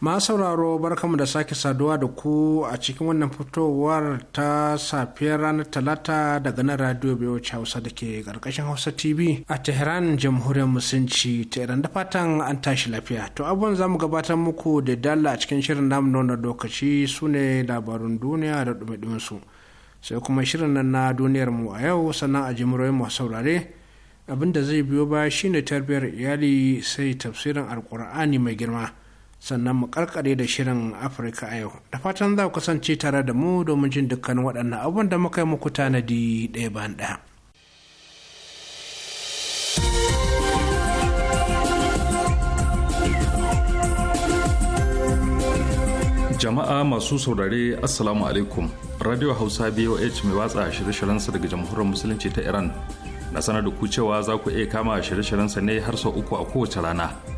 ma sauraro barkamu da sake saduwa da ku a cikin wannan fitowar ta safiyar ranar talata daga nan radio biyoci hausa da ke karkashin hausa tv a tehran jamhuriyar musulunci ta iran da fatan an tashi lafiya to abubuwan zamu gabatar muku da dalla a cikin shirin namu na lokaci su ne labarun duniya da dumi su sai kuma shirin nan na duniyar mu a yau sannan a jimuroyin masu saurare abin da zai biyo ba shine tarbiyar iyali sai tafsirin alkur'ani mai girma sannan mu karkare da shirin afirka a yau da fatan za ku kasance tare da mu domin jin dukkan waɗannan abin da muka yi muku tanadi ɗaya bayan ɗaya jama'a masu saurare assalamu alaikum radio hausa boh mai watsa shirye shiryen sa daga jamhuriyar musulunci ta iran na sanar da ku cewa za ku iya kama shirye shiryen sa ne har sau uku a kowace rana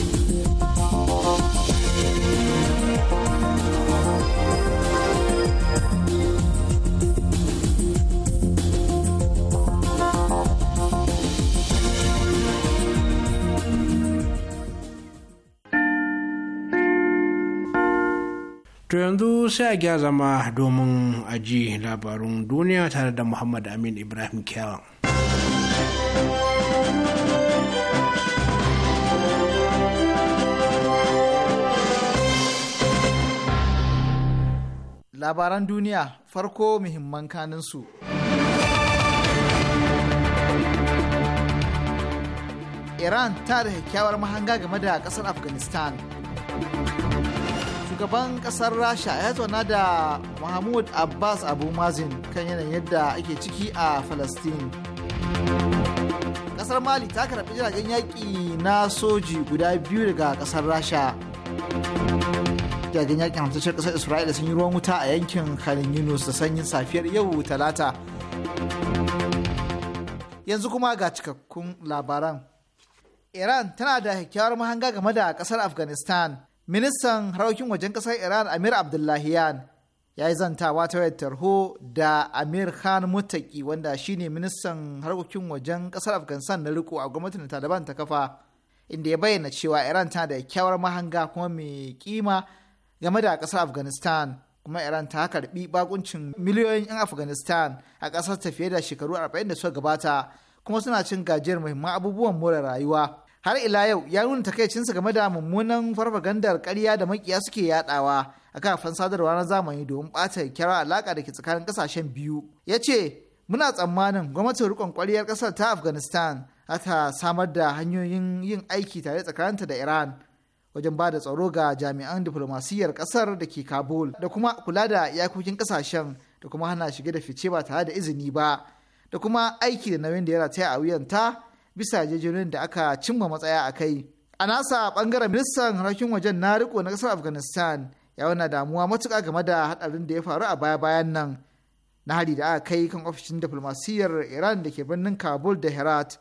To yanzu sai a gya zama domin aji labarun duniya tare da Muhammad Amin Ibrahim Kyawa. Labaran duniya farko muhimman kaninsu. Iran ta da kyakkyawar mahanga game da ƙasar Afghanistan. shugaban kasar rasha ya zauna da mahmud abbas abu mazin kan yanayin yadda ake ciki a falastin kasar mali ta karɓi jiragen yaƙi na soji guda biyu daga kasar rasha jiragen yaƙin hamsashen kasar isra'ila sun yi ruwan wuta a yankin halin yunus da sanyin safiyar yau talata yanzu kuma ga cikakkun labaran iran tana da kyakkyawar mahanga game da kasar afghanistan ministan harkokin wajen ƙasar iran amir Abdullahi ya yi zantawa ta wayar tarho da amir khan mutaki wanda shine ministan harkokin wajen ƙasar afghanistan na riko a gwamnatin taliban ta kafa inda ya bayyana cewa iran tana da kyawar mahanga kuma mai kima game da kasar afghanistan kuma iran ta karbi bakuncin miliyoyin 'yan afghanistan a ƙasar ta fiye da shekaru 40 da suka gabata kuma suna cin gajiyar muhimman abubuwan more rayuwa har ila yau ya nuna takaicinsa game da mummunan farfagandar karya da makiya suke yadawa a kafin sadarwa na zamani domin ɓata kira alaka da ke tsakanin ƙasashen biyu ya ce muna tsammanin gwamnatin rikon ƙwaryar ƙasar ta afghanistan ta samar da hanyoyin yin aiki tare tsakaninta da iran wajen ba da tsaro ga jami'an diflomasiyyar ƙasar da ke kabul da kuma kula da iyakokin ƙasashen da kuma hana shige da fice ba tare da izini ba da kuma aiki da nauyin da ya rataya a wuyanta bisa jejerin da aka cimma matsaya a kai. A nasa bangaren ministan harkokin wajen na riko na kasar Afghanistan ya wana damuwa matuƙa game da hadarin da ya faru a baya-bayan nan na hari da aka kai kan ofishin diflomasiyyar Iran da ke birnin Kabul da Herat.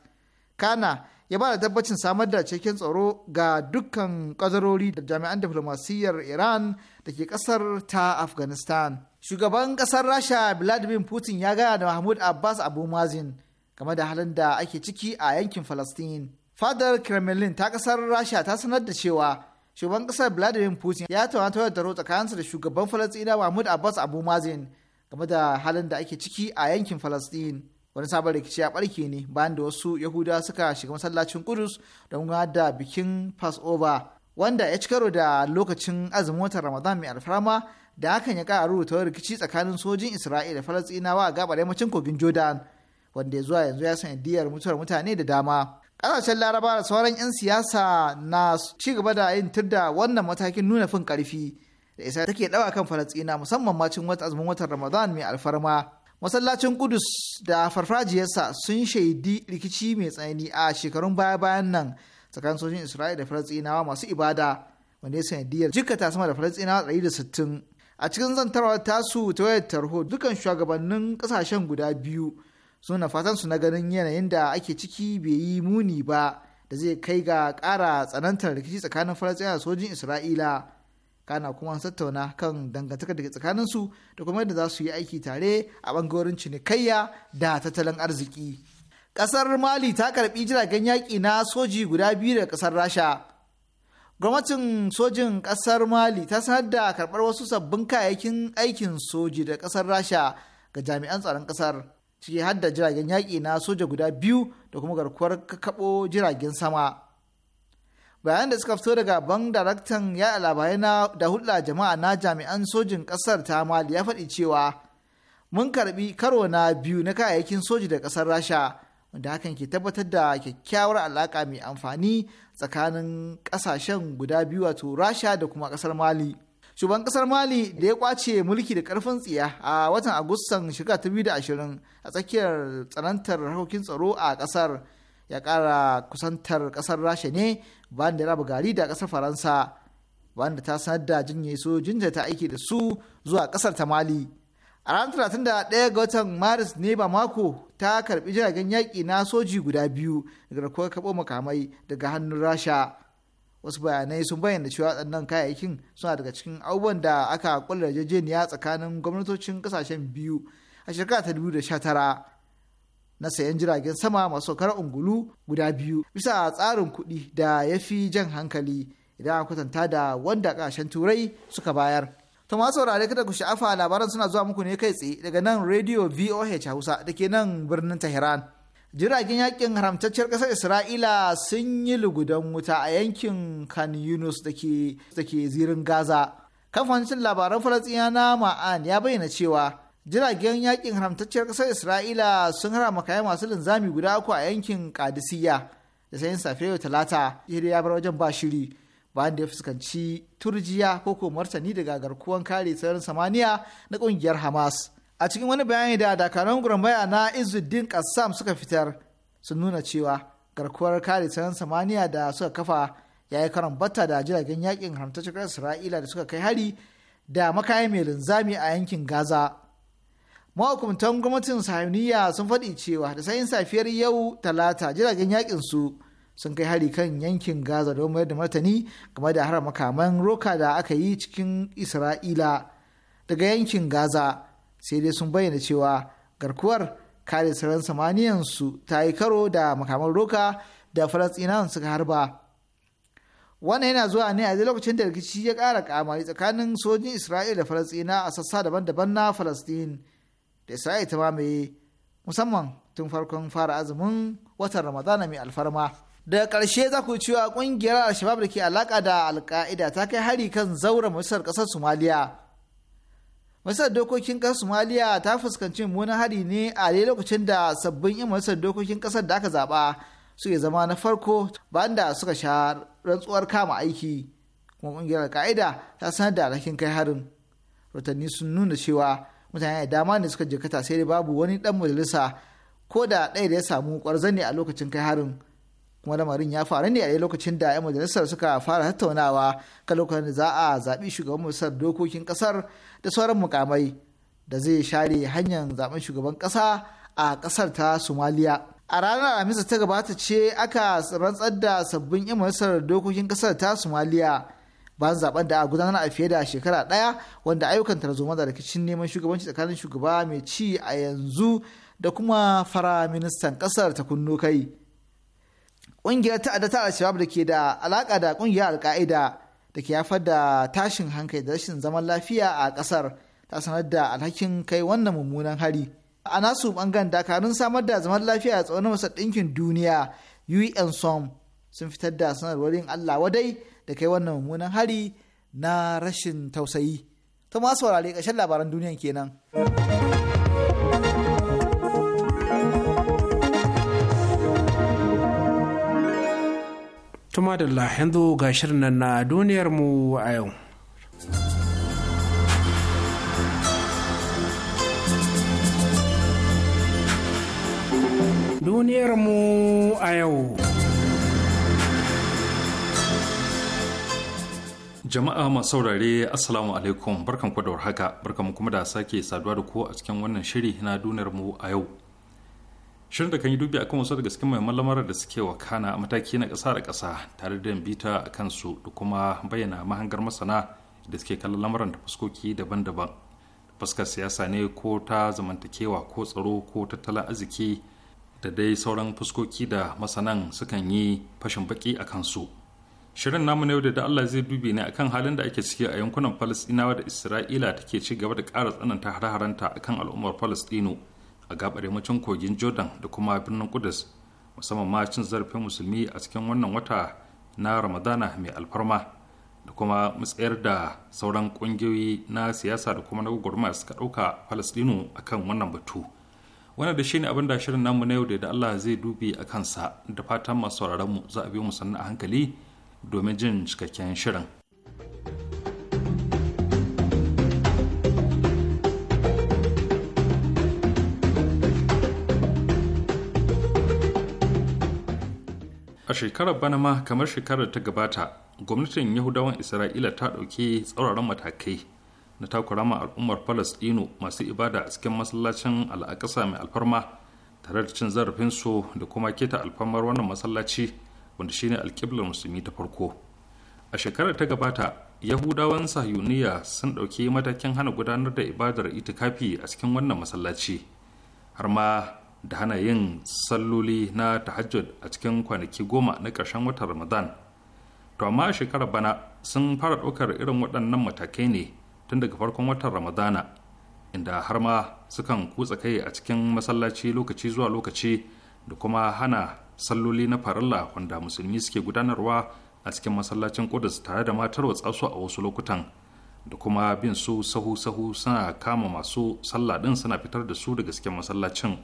Kana ya ba da tabbacin samar da cikin tsaro ga dukkan kazarori da jami'an diflomasiyyar Iran da ke ƙasar ta Afghanistan. Shugaban ƙasar Rasha Vladimir Putin ya gaya da Mahmud Abbas Abu Mazin. game da halin da ake ciki a yankin Falastin. Fadar Kremlin ta kasar Rasha ta sanar da cewa shugaban kasar Vladimir Putin ya tawata da tsakaninsa da shugaban Falastina Mahmud Abbas Abu Mazin game da halin da ake ciki a yankin Falastin. Wani sabon rikici a barke ne bayan da wasu yahudawa suka shiga masallacin Kudus don da bikin Passover wanda ya ci karo da lokacin azumin watan Ramadan mai alfarma da hakan ya ƙara rubuta rikici tsakanin sojin Isra'ila da Falasɗinawa a gabar yammacin kogin Jordan. wanda ya zuwa yanzu ya sanya diyar mutuwar mutane da dama ƙasashen laraba da sauran 'yan siyasa na ci gaba da yin tirda wannan matakin nuna fin ƙarfi da isa take ɗawa kan falastina musamman macin wata azumin watan ramadan mai alfarma masallacin kudus da farfajiyarsa sun shaidi rikici mai tsanani a shekarun baya-bayan nan tsakanin sojin isra'ila da falasɗinawa masu ibada wanda ya sanadiyar jikata sama da falasɗinawa sittin. a cikin zantarwar tasu ta wayar tarho dukkan shugabannin kasashen guda biyu suna fatan su na ganin yanayin da ake ciki bai yi muni ba da zai kai ga ƙara tsanantar rikici tsakanin faransa da sojin isra'ila kana kuma tattauna kan dangantakar da tsakanin su da kuma yadda za su yi aiki tare a bangarorin cinikayya da tattalin arziki ƙasar mali ta karɓi jiragen yaƙi na soji guda biyu da ƙasar rasha gwamnatin sojin ƙasar mali ta sanar da karɓar wasu sabbin kayayyakin aikin soji da ƙasar rasha ga jami'an tsaron ƙasar ciki har da jiragen yaƙi na soja guda biyu da kuma garkuwar kakkaɓo jiragen sama bayan da suka fito daga ban daraktan ya labarai na da hulɗa jama'a na jami'an sojin ƙasar ta mali ya faɗi cewa mun karbi karo na biyu na kayayyakin soji da ƙasar rasha wanda hakan ke tabbatar da kyakkyawar alaka mai amfani tsakanin ƙasashen guda biyu wato rasha da kuma ƙasar mali. shugaban kasar mali da ya kwace mulki da karfin tsiya a watan agustan shiga ta a tsakiyar tsanantar harkokin tsaro a kasar ya kara kusantar kasar rasha ne bayan da raba gari da kasar faransa bayan da ta sanar da jinye sojinta ta aiki da su zuwa kasar ta mali a ranar talatin da ga watan maris ne ba mako ta karbi jiragen yaƙi na soji guda biyu daga kuwa kabo makamai daga hannun rasha wasu bayanai sun bayyana cewa waɗannan kayayyakin suna daga cikin abubuwan da aka kulla yarjejeniya tsakanin gwamnatocin kasashen biyu a shekara ta da 2019 na sayan jiragen sama masu saukar ungulu guda biyu bisa tsarin kuɗi da ya fi jan hankali idan a kwatanta da wanda kasashen turai suka bayar. to masu saurare kada ku sha'afa labaran suna zuwa muku ne kai tsaye daga nan radio voh hausa da ke nan birnin tehran jiragen yakin haramtacciyar ƙasar isra'ila sun yi lugudan wuta a yankin kan yunus da ke zirin gaza kamfanin labaran falasɗina na ma'an ya bayyana cewa jiragen yakin haramtacciyar ƙasar isra'ila sun hara makaya masu linzami guda uku a yankin kadisiya da sayin yau talata ya bar wajen ba shiri bayan da ya fuskanci turjiya ko ko martani daga garkuwan kare sararin samaniya na ƙungiyar hamas a cikin wani bayani da dakarun gurambaya na izuddin kassam suka fitar sun nuna cewa garkuwar kare tsaron samaniya da suka kafa ya yi karan bata da jiragen yakin haramtaccen isra'ila da suka kai hari da makayan mai linzami a yankin gaza mahukuntan gwamnatin sahiniya sun faɗi cewa da sayin safiyar yau talata jiragen yakin su sun kai hari kan yankin gaza don mayar da martani game da haramakaman makaman roka da aka yi cikin isra'ila daga yankin gaza sai dai sun bayyana cewa garkuwar kare sararin su ta yi karo da makaman roka da falasɗinawan suka harba wannan yana zuwa ne a lokacin da rikici ya kara kamari tsakanin sojin isra'il da falastina a sassa daban-daban na falasɗin da isra'ila ta mamaye musamman tun farkon fara azumin watan ramadana mai alfarma daga karshe za ku cewa ƙungiyar al-shabab da ke alaƙa da alƙa'ida ta kai hari kan zaura majalisar ƙasar somaliya Masar dokokin ƙasar Somaliya ta fuskanci mummunan hari ne a dai lokacin da sabbin 'yan masar dokokin ƙasar da aka zaɓa suke zama na farko bayan da suka sha rantsuwar kama aiki. Kuma ƙungiyar ka'ida ta sanar da alhakin kai harin. Rotanni sun nuna cewa mutane da dama ne suka jikata sai dai babu wani ɗan majalisa ko da ɗaya da ya samu ƙwarzani a lokacin kai harin. kuma lamarin ya faru ne a lokacin da 'yan majalisar suka fara tattaunawa kan lokacin da za a zaɓi shugaban majalisar dokokin ƙasar da sauran mukamai da zai share hanyar zaɓen shugaban ƙasa a ƙasar ta somaliya a ranar alhamis ta gabata ce aka rantsar da sabbin 'yan majalisar dokokin ƙasar ta somaliya bayan zaben da a gudanar a fiye da shekara ɗaya wanda ayyukan tarzoma da rikicin neman shugabanci tsakanin shugaba mai ci a yanzu da kuma fara ministan ƙasar ta kunno kai ƙungiyar ta'adda ta al-shabab da ke da alaƙa da ƙungiyar al da ke haifar da tashin hankali da rashin zaman lafiya a ƙasar ta sanar da alhakin kai wannan mummunan hari a nasu bangan dakarun samar da zaman lafiya a tsawon wasa ɗinkin duniya un som sun fitar da sanarwarin allah wadai da kai wannan mummunan hari na rashin tausayi ta masu wurare ƙarshen labaran duniyan kenan. Tuma madalla yanzu ga shirin nan na duniyarmu a yau. Duniyarmu a yau. Jama'a masu saurare Assalamu alaikum barkanku da warhaka barkanku kuma da sake saduwa da ku a cikin wannan shiri na duniyarmu a yau. shirin da kan yi dubi akan wasu daga cikin mai lamarin da suke wakana a mataki na ƙasa da kasa tare da bita a kansu da kuma bayyana mahangar masana da suke kallon lamuran da fuskoki daban-daban fuskar siyasa ne ko ta zamantakewa ko tsaro ko tattalin arziki da dai sauran fuskoki da masanan sukan yi fashin baki a kansu shirin namu na yau da Allah zai dubi ne akan halin da ake ciki a yankunan palestinawa da Isra'ila take ci gaba da ƙara tsananta hare haranta akan al'ummar Falasɗinu a gabar yammacin kogin jordan da kuma birnin kudus musamman ma cin zarafin musulmi a cikin wannan wata na ramadana mai alfarma da kuma matsayar da sauran kungiyoyi na siyasa da kuma na gwagwarmaya suka ɗauka falasdino akan wannan batu wannan da shine abin da shirin namu na yau da Allah zai dubi a kansa da fatan masu sauraron mu za a biyo mu sannan a hankali domin jin cikakken shirin. a shekarar bana ma kamar shekarar ta gabata gwamnatin yahudawan isra'ila ta ɗauki tsauraran matakai na takura ma al'ummar palestino masu ibada a cikin masallacin al'aƙasa mai alfarma tare da cin zarafinsu da kuma keta alfarmar wannan masallaci wanda shine alƙiblar musulmi ta farko a shekarar ta gabata yahudawan Sahuniya sun ɗauki matakin hana gudanar da ibadar itikafi a cikin wannan masallaci har ma da hana yin salloli na tahajjud a cikin kwanaki goma na ƙarshen watan ramadan to amma a shekarar bana sun fara ɗaukar irin waɗannan matakai ne tun daga farkon watan ramadana inda har ma sukan kutsa kai a cikin masallaci lokaci zuwa lokaci da kuma hana salloli na farilla wanda musulmi suke gudanarwa a cikin masallacin kudus tare da matar watsasu a wasu lokutan da kuma bin su sahu-sahu suna kama masu sallah ɗin suna fitar da su daga cikin masallacin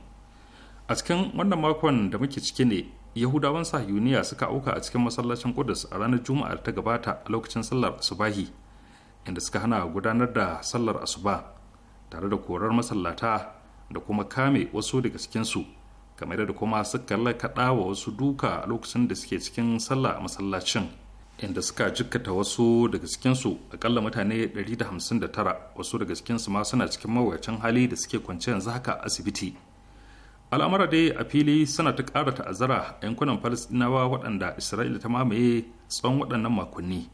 a cikin wannan makon da muke ciki ne yahudawan sahiyuniya suka auka a cikin masallacin kudus a ranar juma'a ta gabata a lokacin sallar asubahi inda suka hana gudanar da sallar asuba tare da korar masallata da kuma kame wasu daga cikinsu kamar da kuma suka lakaɗa wa wasu duka a lokacin da suke cikin sallah a masallacin inda suka jikkata wasu daga cikinsu akalla mutane 159 wasu daga cikinsu ma suna cikin mawuyacin hali da suke kwance yanzu haka asibiti al'amura dai a fili suna ta ƙara ta'azzara a yankunan falasɗinawa waɗanda isra'ila ta mamaye tsawon waɗannan makonni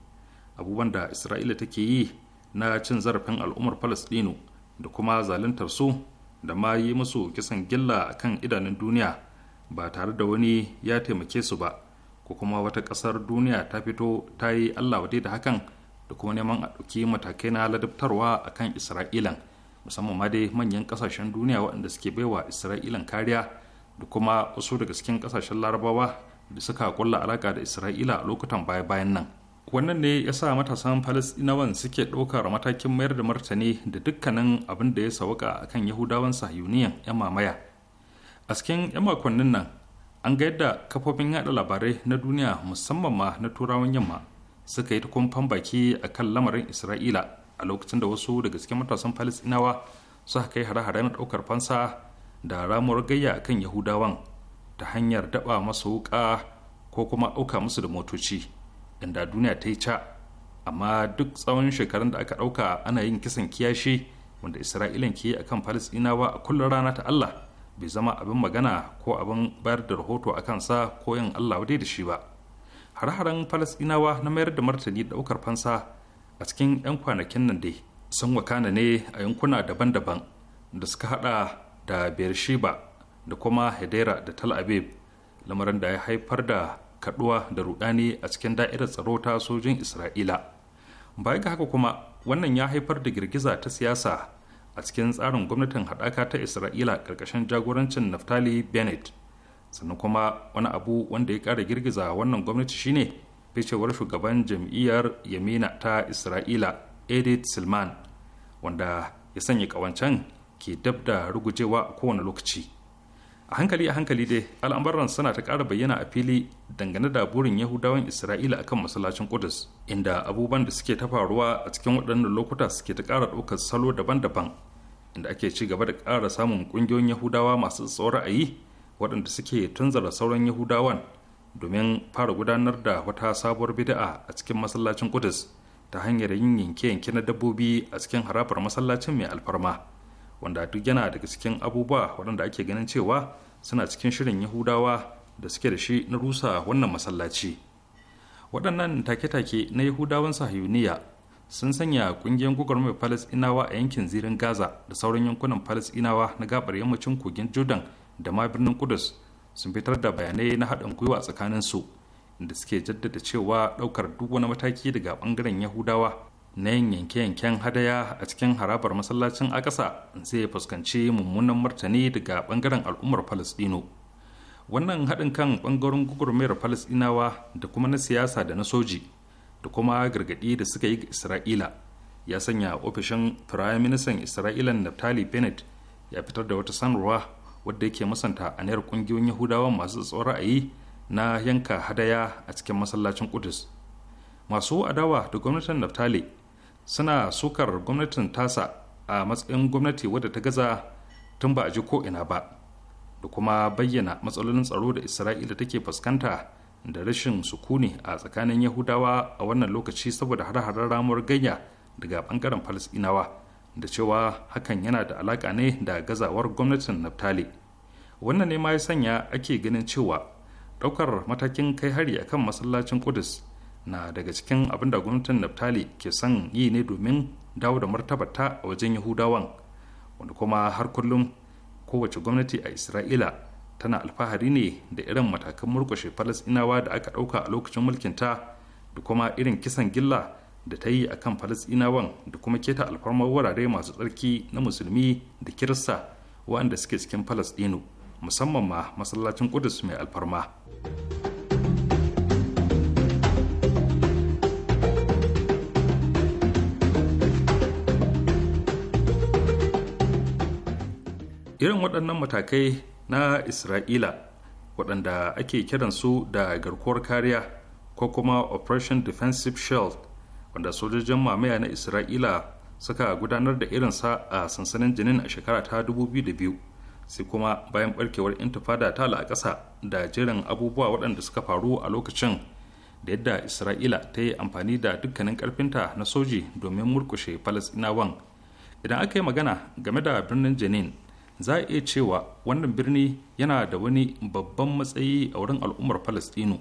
abubuwan da isra'ila take yi na cin zarafin al'ummar falasɗinu da kuma zaluntar su da ma yi musu kisan gilla a kan idanun duniya ba tare da wani ya taimake su ba ko kuma wata ƙasar duniya ta fito ta yi allah da hakan da kuma neman a ɗauki matakai na ladabtarwa a kan isra'ilan musamman ma dai manyan kasashen duniya waɗanda suke baiwa isra'ilan kariya da kuma wasu daga cikin kasashen larabawa da suka kulla alaka da isra'ila a lokutan baya-bayan nan wannan ne ya sa matasan falasɗinawan suke ɗaukar matakin mayar da martani da dukkanin abin da ya sauka kan yahudawan sahiyuniyan 'yan mamaya a cikin 'yan makonnin nan an ga yadda kafofin yada labarai na duniya musamman ma na turawan yamma suka yi ta kumfan baki a kan lamarin isra'ila a lokacin da wasu daga cikin matasan palestinawa suka kai hare-hare na ɗaukar fansa da ramuwar gayya kan yahudawan ta hanyar daba masa wuƙa ko kuma dauka musu da motoci inda duniya ta yi ca amma duk tsawon shekarun da aka ɗauka ana yin kisan kiyashi wanda isra'ilan ke yi akan palestinawa a kullum rana ta allah bai zama abin magana ko abin bayar da rahoto a kansa ko yin allah wadai da shi ba Har haren palestinawa na mayar da martani ɗaukar fansa a cikin 'yan kwanakin nan dai sun wakana ne a yankuna daban-daban da suka hada da beersheba da kuma hedera da tal aviv lamarin da ya haifar da kaduwa da rudani a cikin da'irar tsaro ta sojin isra'ila baya ga haka kuma wannan ya haifar da girgiza ta siyasa a cikin tsarin gwamnatin haɗaka ta isra'ila ƙarƙashin jagorancin naftali bennett sannan kuma wani abu wanda ya ƙara girgiza wannan gwamnati shine ficewar shugaban jam'iyyar yamina ta isra'ila edith silman wanda ya sanya kawancen ke dab da rugujewa a kowane lokaci a hankali a hankali dai al'amuran suna ta ƙara bayyana a fili dangane da burin yahudawan isra'ila akan masallacin kudus inda abubuwan da suke ta faruwa a cikin waɗannan lokuta suke ta ƙara ɗaukar salo daban-daban inda ake ci gaba da ƙara samun ƙungiyoyin yahudawa masu tsoron ra'ayi waɗanda suke tunzara sauran yahudawan domin fara gudanar da wata sabuwar bida'a a cikin masallacin Kudus ta hanyar yin yanke-yanke na dabbobi a cikin harafar masallacin mai alfarma wanda duk yana daga cikin abubuwa waɗanda ake ganin cewa suna cikin shirin Yahudawa da suke da shi na rusa wannan masallaci. Waɗannan take-take na Yahudawan Sahiyuniya sun sanya ƙungiyar gwagwarmar inawa a yankin zirin Gaza da sauran yankunan inawa na gabar yammacin kogin Jordan da ma birnin Kudus sun fitar da bayanai na haɗin gwiwa tsakanin su inda suke jaddada cewa ɗaukar duk wani mataki daga ɓangaren yahudawa na yin yanke-yanken hadaya a cikin harabar masallacin akasa zai fuskanci mummunan martani daga ɓangaren al'ummar falasɗino wannan haɗin kan ɓangaren gugurmayar falasɗinawa da kuma na siyasa da na soji da kuma gargaɗi da suka yi ga isra'ila ya sanya ofishin firayim ministan isra'ilan naftali bennett ya fitar da wata sanarwa wadda yake musanta aniyar kungiyoyin yahudawa masu tsawon ra'ayi na yanka hadaya a cikin masallacin kudus masu adawa da gwamnatin naftali suna sukar gwamnatin tasa a matsayin gwamnati wadda ta gaza tun ba a ji ko ina ba da kuma bayyana matsalolin tsaro da isra'ila take fuskanta da rashin sukuni a tsakanin yahudawa a wannan lokaci saboda har-harar ramuwar ganya daga bangaren falasɗinawa da cewa hakan yana da alaƙa ne da gazawar gwamnatin naftali wannan ne ma ya sanya ake ganin cewa ɗaukar matakin kai hari akan masallacin kudus na daga cikin abin da gwamnatin naftali ke son yi ne domin dawo da martabata a wajen yahudawan wanda kuma har kullum kowace gwamnati a isra'ila tana alfahari ne da irin matakan murkushe falasinawa da aka ɗauka a lokacin mulkinta da kuma irin kisan gilla da ta yi a kan falasɗinawan da kuma keta alfarmar wurare masu tsarki na musulmi da kirista waɗanda suke cikin falasɗinu musamman ma masallacin ƙudus mai alfarma irin waɗannan matakai na isra'ila waɗanda ake kiransu da garkuwar kariya ko kuma operation defensive shield wanda sojojin mamaya na isra'ila suka gudanar da irinsa a sansanin jinin a shekara ta 2002 sai kuma bayan barkewar intifada ta kasa da jerin abubuwa waɗanda suka faru a lokacin da yadda isra'ila ta yi amfani da dukkanin karfinta na soji domin murkushe falasɗinawan idan aka yi magana game da birnin jenin za a iya cewa wannan birni yana da wani babban matsayi a wurin al'ummar falasɗinu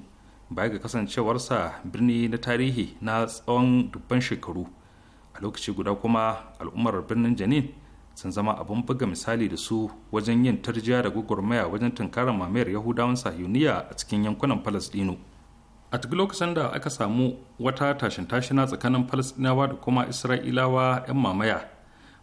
baya ga kasancewarsa birni na tarihi na tsawon dubban shekaru a lokaci guda kuma al'ummar birnin janin sun zama abin buga misali da su wajen yin tarjiya da gwagwarmaya wajen tunkarar mamayar yahudawan sahiyuniya a cikin yankunan palestino a duk lokacin da aka samu wata tashin tashina tsakanin palestinawa da kuma isra'ilawa 'yan mamaya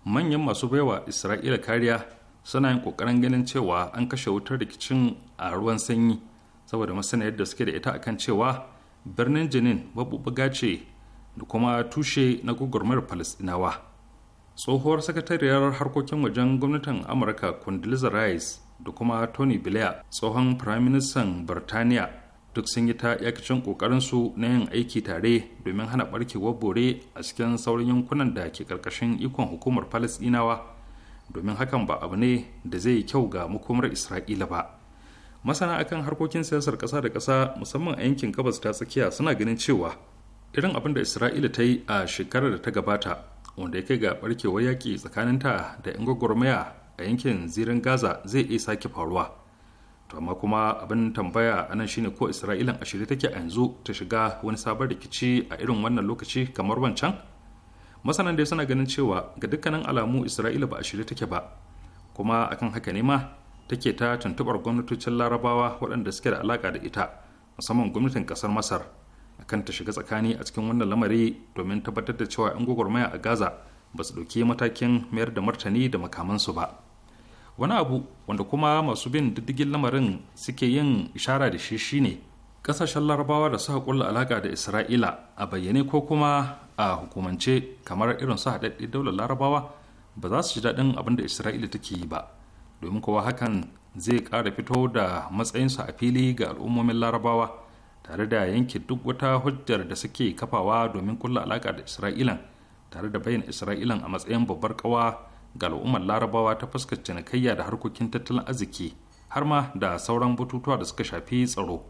manyan masu baiwa isra'ila kariya suna yin kokarin ganin cewa an kashe wutar rikicin a ruwan sanyi saboda masanayar da suke da ita akan cewa birnin jenin buga ce da kuma tushe na gugurmar Falasɗinawa. Tsohuwar sakatariyar harkokin wajen gwamnatin Amurka Condoleezza Rice da kuma Tony Blair tsohon firaministan Birtaniya duk sun yi ta yakacin su na yin aiki tare domin hana ɓarkewar bore a cikin sauran yankunan da ke karkashin ikon hukumar Falasɗinawa domin hakan ba abu ne da zai yi kyau ga makomar Isra'ila ba. masana akan harkokin siyasar ƙasa da ƙasa musamman a yankin gabas ta tsakiya suna ganin cewa irin abin da isra'ila ta yi a shekarar da ta gabata wanda ya kai ga barkewar yaƙi tsakaninta da yan gwagwarmaya a yankin zirin gaza zai iya sake faruwa to amma kuma abin tambaya a nan shine ko isra'ila a shirye take a yanzu ta shiga wani sabon rikici a irin wannan lokaci kamar wancan masanan dai suna ganin cewa ga dukkanin alamu isra'ila ba a shirye take ba kuma akan haka ne ma take ta tuntubar gwamnatocin larabawa waɗanda suke da alaƙa da ita musamman gwamnatin ƙasar masar kan ta shiga tsakani a cikin wannan lamari domin tabbatar da cewa 'yan gwagwarmaya a gaza ba su ɗauki matakin mayar da martani da makamansu ba wani abu wanda kuma masu bin diddigin lamarin suke yin ishara da shi shine kasashen larabawa da suka kulla alaka da isra'ila a bayyane ko kuma a hukumance kamar irin su haɗaɗɗe daular larabawa ba za su ji daɗin abin da isra'ila take yi ba domin kowa hakan zai kara fito da matsayinsu a fili ga al'ummomin larabawa tare da yanke duk wata hujjar da suke kafawa domin kulla alaƙa da isra'ilan tare da bayyana isra'ilan a matsayin babbar ƙawa ga al'ummar larabawa ta fuskar cinikayya da harkokin tattalin arziki har ma da sauran batutuwa da suka shafi tsaro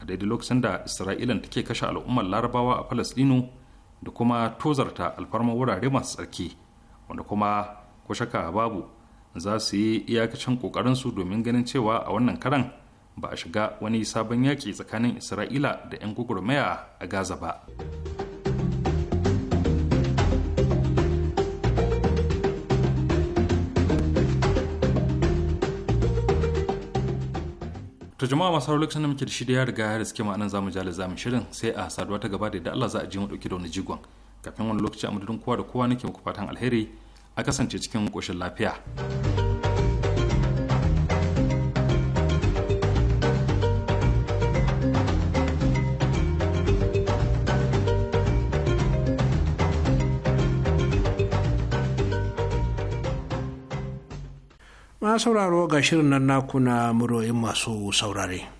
a daidai lokacin da isra'ilan take kashe al'ummar larabawa a falastinu da kuma tozarta alfarmar wurare masu tsarki wanda kuma ko shaka babu za su yi iyakacin su domin ganin cewa a wannan karan ba a shiga wani sabon yaki tsakanin isra'ila da 'yan gugurmaya a gaza ba ta jama'a masu lokacin da muke da shi da ya riga ya riske ma'anan zamu za zamu shirin sai a saduwa ta gaba da yadda Allah za a ji mu dauki da wani jigon kafin wani lokaci a madadin kowa da kowa nake muku fatan alheri a kasance cikin ƙoshin lafiya. Ma sauraro ga shirin nan naku na muroyin masu saurare.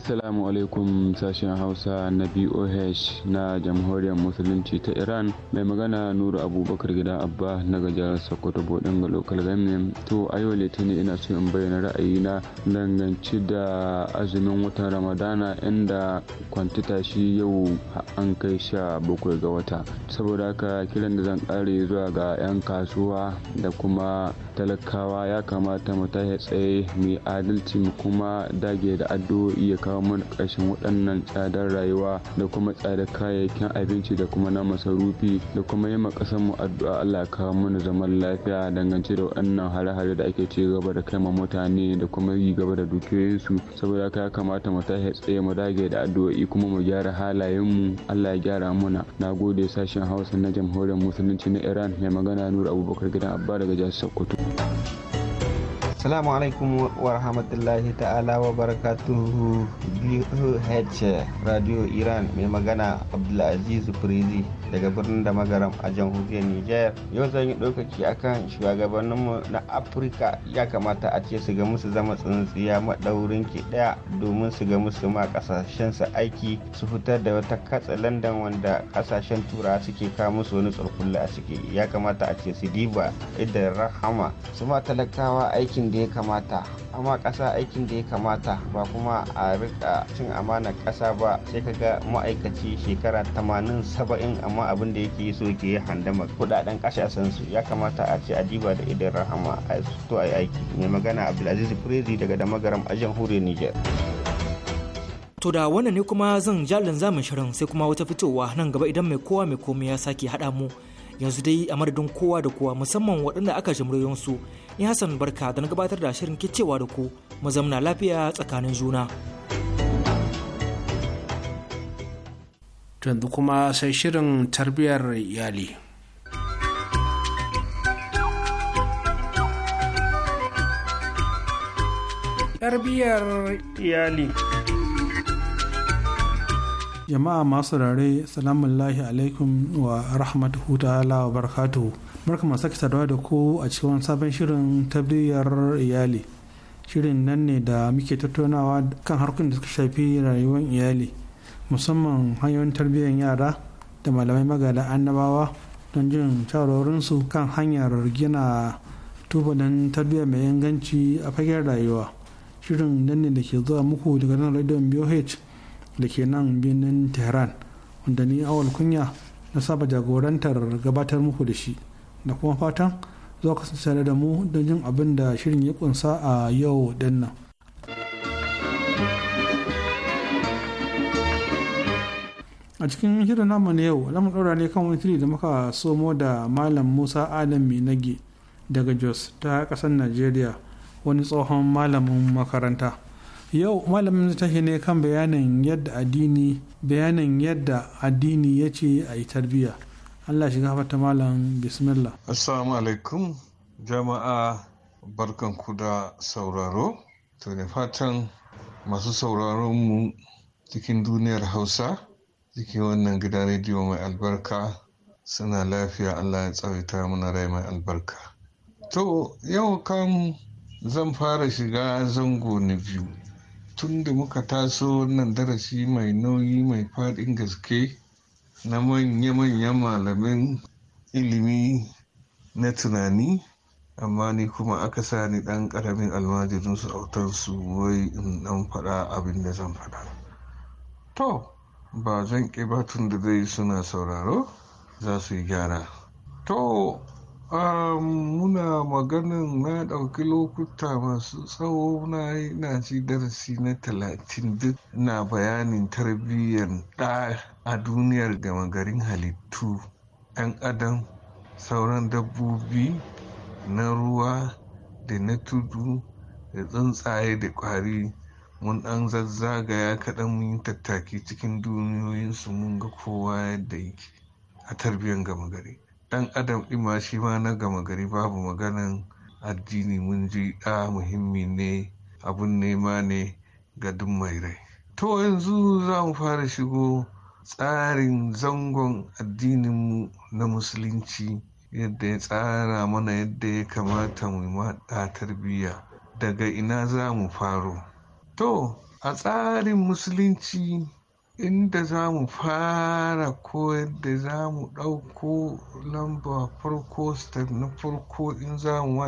Assalamu alaikum sashen Hausa na BOH na Jamhuriyar Musulunci ta Iran mai magana Nuru Abubakar gidan Abba na gajar Sokoto Bodin ga Local Government. To a yau Litinin ina so in bayyana ra'ayina danganci da azumin watan Ramadana inda kwantita shi yau an kai sha bakwai ga wata. Saboda haka kiran da zan kare zuwa ga 'yan kasuwa da kuma talakawa ya kamata mu tashi tsaye mai adalci mu kuma dage da addu'o'i ya kawo mana ƙarshen waɗannan tsadar rayuwa da kuma tsadar kayayyakin abinci da kuma na masarufi da kuma yi ƙasar mu addu'a Allah kawo mana zaman lafiya dangance da waɗannan hare-hare da ake ci gaba da kai ma mutane da kuma yi gaba da dukiyoyinsu saboda aka ya kamata mu tashi tsaye mu dage da addu'o'i kuma mu gyara halayenmu Allah ya gyara muna na gode sashen Hausa na jamhuriyar musulunci na Iran mai magana Nura Abubakar gidan Abba daga jihar Sokoto. え Assalamu alaikum wa rahmatullahi ta'ala wa barakatuhu BOH Radio Iran mai magana Abdulaziz Firizi daga birnin da magaram a jamhuriyar niger Yau zan yi ɗaukaki akan shugabanninmu na Afirka ya kamata a ce su ga musu zama tsintsiya maɗaurin ki ɗaya domin su ga musu ma su aiki su fitar da wata katsa landan wanda ƙasashen turawa suke kawo musu wani tsurkulla a ciki ya kamata a ce su diba idan rahama su ma talakawa aikin da ya kamata amma ƙasa aikin da ya kamata ba kuma a rika cin amanar ƙasa ba sai ka ga ma'aikaci shekara tamanin saba'in amma abin da yake so ke handama kudaden ƙasashen su ya kamata a ce diba da idan rahama a to a aiki mai magana abdulaziz firizi daga damagaram a jamhuriyar niger To da wannan ne kuma zan jalin zamin shirin sai kuma wata fitowa nan gaba idan mai kowa mai komai ya sake haɗa mu yanzu dai a madadin kowa da kowa musamman waɗanda aka ji su ni hassan barka da na gabatar da shirin kicewa da ku mazamna lafiya tsakanin juna yanzu kuma sai shirin tarbiyyar iyali tarbiyyar iyali jama'a masu rare salamullahi alaikum wa rahmatuhu ta'ala wa barakatuhu barka masu sake saduwa da ku a cikin sabon shirin tabbiyar iyali shirin nan ne da muke tattaunawa kan harkokin da suka shafi rayuwar iyali musamman hanyoyin tarbiyyar yara da malamai magada annabawa don jin shawarorinsu kan hanyar gina tubalin tarbiyya mai inganci a fagen rayuwa shirin nan ne da ke zuwa muku daga nan radio BOH da ke nan birnin tehran wanda ni awal kunya na saba jagorantar gabatar muku da shi da kuma fatan za ka kasance da mu don jin abin da shirin ya kunsa a yau din nan a cikin shirin namu na yau za ɗora ne kan wani da muka somo da malam musa adam daga jos ta ƙasar nigeria wani tsohon malamin makaranta yau malamin tashi ne kan bayanin yadda addini bayanin yadda addini ya ce a yi tarbiyya allah shiga fata malam bismillah assalamu alaikum jama'a barkan ku da sauraro to ne fatan masu sauraron mu cikin duniyar hausa cikin wannan gidan rediyo mai albarka suna lafiya allah ya tsawaita muna rai mai albarka to yau kan zan fara shiga zango na biyu tun da muka taso wannan darasi mai nauyi mai faɗin gaske na manya-manyan malamin ilimi na tunani amma ni kuma aka sa ni ɗan ƙaramin almajirin su wai in ɗan faɗa abin da zan faɗa to ba zan ƙi batun da zai suna sauraro za su yi gyara to muna maganin na ɗauki lokuta masu tsawo na yi na ci darasi na talatin duk na bayanin tarbiyyar ɗa a duniyar gama garin halittu 'yan adam sauran dabbobi na ruwa da na tudu da tsuntsaye da ƙwari mun ɗan zazzagaya kaɗan mun yi tattaki cikin duniyoyinsu mun ga kowa yadda yake a tarbiyyar gama gari ɗan adam ɗin ma shi ma na gama gari babu maganan addini mun ji ɗa ah, muhimmi ne abun nema ne ga duk mai rai to yanzu za mu fara shigo tsarin zangon addininmu na musulunci yadda ya tsara mana yadda ya kamata mu maɗa tarbiyya daga ina za mu faro to a tsarin musulunci inda za mu fara koyar da za mu ɗauko lamba farko step na farko in za mu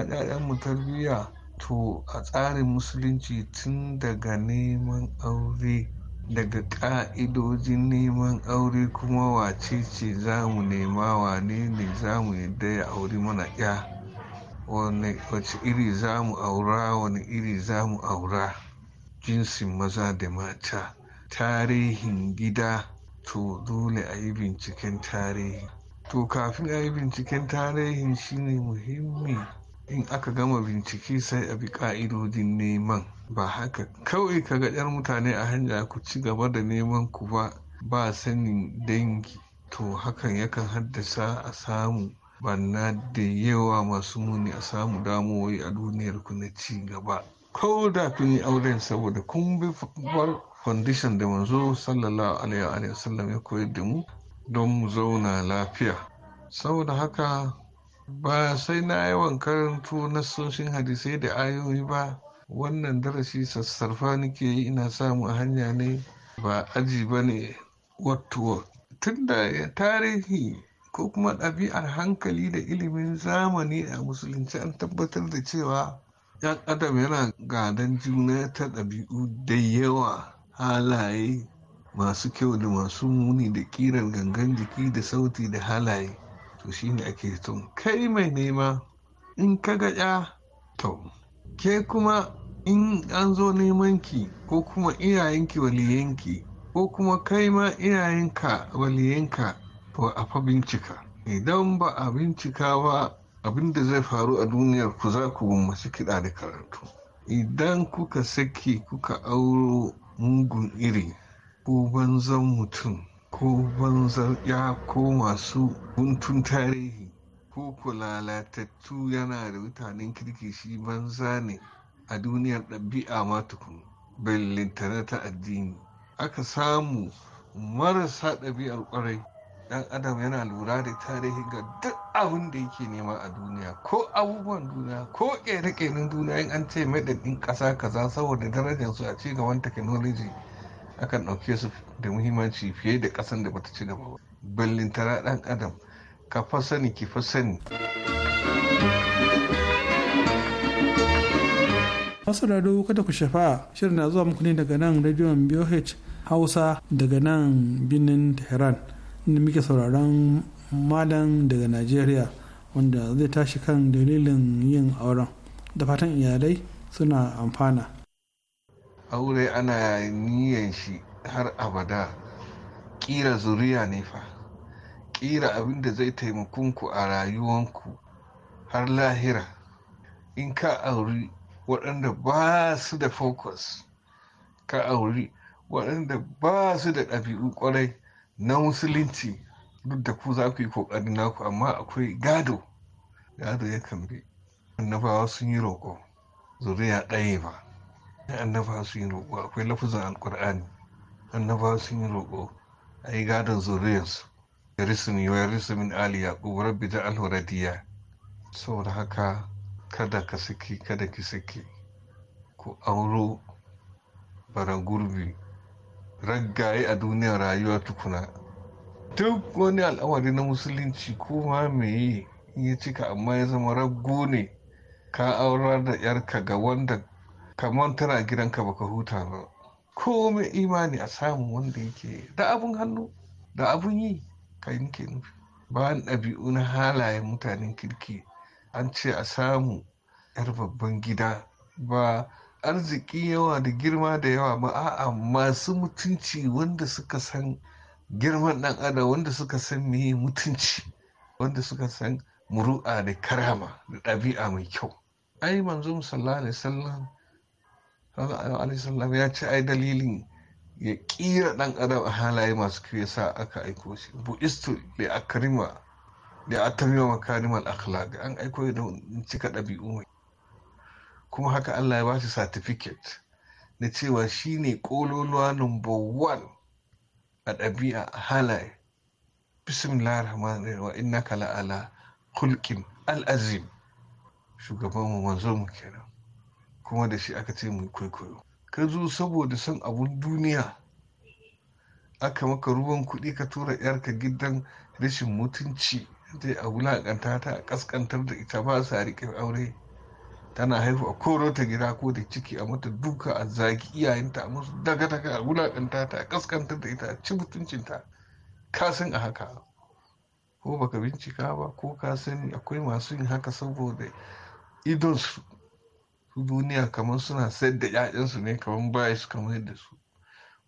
mu tarbiyya to a tsarin musulunci tun daga neman aure daga ƙa'idojin neman aure kuma wace ce za mu nema wane ne za mu yadda ya auri mana ya wace iri za mu aura wani iri za mu aura jinsin maza da mata tarihin gida to dole a yi binciken tarihi to kafin a yi binciken tarihi shine muhimmi in aka gama bincike sai a bi ka'idodin neman ba haka kawai ka ga 'yan mutane a hanya ku ci gaba da neman ku ba ba sanin dangi to hakan yakan haddasa a samu banna da yawa masu muni a samu damuwoyi a duniyar ku na ci gaba ko da kun yi auren saboda kun bi bar kwandishan da manzo sallallahu alaihi wa sallam ya koyar da mu don mu zauna lafiya saboda haka ba sai na yawan karanto nassoshin hadisai da ayoyi ba wannan darasi sassarfa nake yi ina samu a hanya ne ba aji ba ne wattuwa tunda tarihi ko kuma ɗabi'ar hankali da ilimin zamani a musulunci an tabbatar da cewa yan adam yana gadon juna ta ɗabi'u da yawa halaye masu kyau da masu muni da kiran gangan jiki da sauti da halaye to shi ne ake tun kai mai nema in ka gaɗa to ke kuma in an zo neman ki ko kuma iyayenki waliyanki ko kuma kai ma iyayenka waliyanka to a fa bincika idan ba a bincika ba abin da zai faru a duniyar ku za ku gummaci kiɗa da karatu idan kuka saki kuka auro mugun iri ko banzan mutum ko banzar ya ko masu guntun tarihi ko kulalatattu yana da mutanen kirki shi banza ne a duniyar ɗabi'a ma tukun bellintana ta addini aka samu marasa ɗabi'ar ƙwarai dan adam yana lura da tarihi ga duk abin da yake nema a duniya ko abubuwan duniya ko ƙere-ƙeren duniya in an ce madadin kasa kaza saboda su a cigaban technology akan ɗauke su da muhimmanci fiye da ƙasan da bata ci gaba ba tara dan adam ka fa sani ki fa sani masu kada ku shafa shirin na zuwa muku ne daga nan Radio BOH Hausa daga nan birnin Tehran. inda muke sauraron malam daga najeriya wanda zai tashi kan dalilin yin auren da fatan iyalai suna amfana aure ana niyan shi har abada kira zuriya ne fa kira abin da zai ku a rayuwanku har lahira in ka auri waɗanda ba su da focus ka auri waɗanda ba su da ɗabi'u ƙwarai na musulunci duk da ku za ku yi kokari naku amma akwai gado gado ya bi annabawa sun yi roƙo zuriya ɗaya ba annabawa sun yi roƙo akwai lafazin alƙur'ani annabawa sun yi roƙo a yi gadon zuriyarsu yarisuni wa yarisumin ali yaqub rabbi ja'al radiya saboda haka kada ka saki kada ki saki ku auro bara gurbi raggaye a duniyar rayuwa tukuna duk wani al'amari na musulunci ko ma meye ya cika amma ya zama raggo ne ka aurar da yarka ga wanda kamar tana gidanka baka huta ba mai imani a samu wanda yake da abun hannu da abun yi Ka nake nufi bayan ɗabi'u na halayen mutanen kirki an ce a samu 'yar babban gida ba arziki yawa da girma da yawa ba a'a masu mutunci wanda suka san girman ɗan adam wanda suka san meye mutunci wanda suka san muru'a da karama da ɗabi'a mai kyau ai manzo sallallahu alaihi wasallam Sallam ya ce ai dalilin ya kira ɗan adam a halaye masu kyau sa aka aiko shi istu da akrima da atamima makarimar akhlaq an aiko da cika ɗabi'u mai kuma haka Allah ya ba shi certificate na cewa shi ne ƙololuwa number one a ɗabi'a halaye bismillah rahman wa inna kala ala kulkin al'azim shugaban mu manzo mu kenan kuma da shi aka ce mu kwaikwayo ka zo saboda son abun duniya aka maka ruwan kuɗi ka tura yarka gidan rashin mutunci zai a wulaƙanta ta a ƙasƙantar da ita ba sa riƙe aure tana haifu a koro ta gida ko da ciki a mata duka a zagi iyayenta a musu daga daga a wulakanta ta a kaskantar da ita a ci mutuncinta ka san a haka ko baka bincika ba ko ka sani akwai masu yin haka saboda idon su duniya kamar suna sayar da 'ya'yansu ne kamar baya su kamar yadda su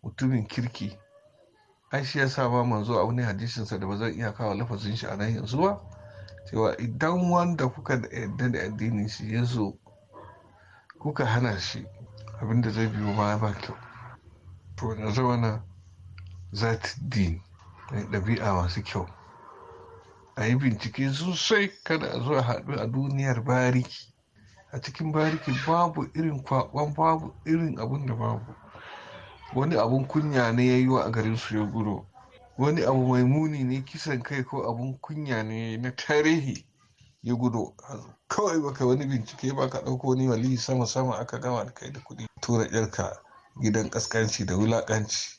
mutumin kirki ai shi ya sa ma manzo a wani hadisinsa da ba zan iya kawo lafazin shi a nan yanzu ba cewa idan wanda kuka yarda da addini shi ya zo kuka hana shi abinda zai biyo baya ba kyau to na zauna zati din ɗabi'a masu kyau a yi bincike sosai kada a zo a haɗu a duniyar bariki a cikin bariki babu irin kwaɓon, babu irin abin da babu wani abun kunya ne ya yi wa a garin su ya gudu wani abu mai muni ne kisan kai ko abun kunya ne na tarihi ya gudu kawai baka wani bincike baka ka ɗauko wani sama sama aka gama da kai da kuɗi tura yarka gidan kaskanci da wulakanci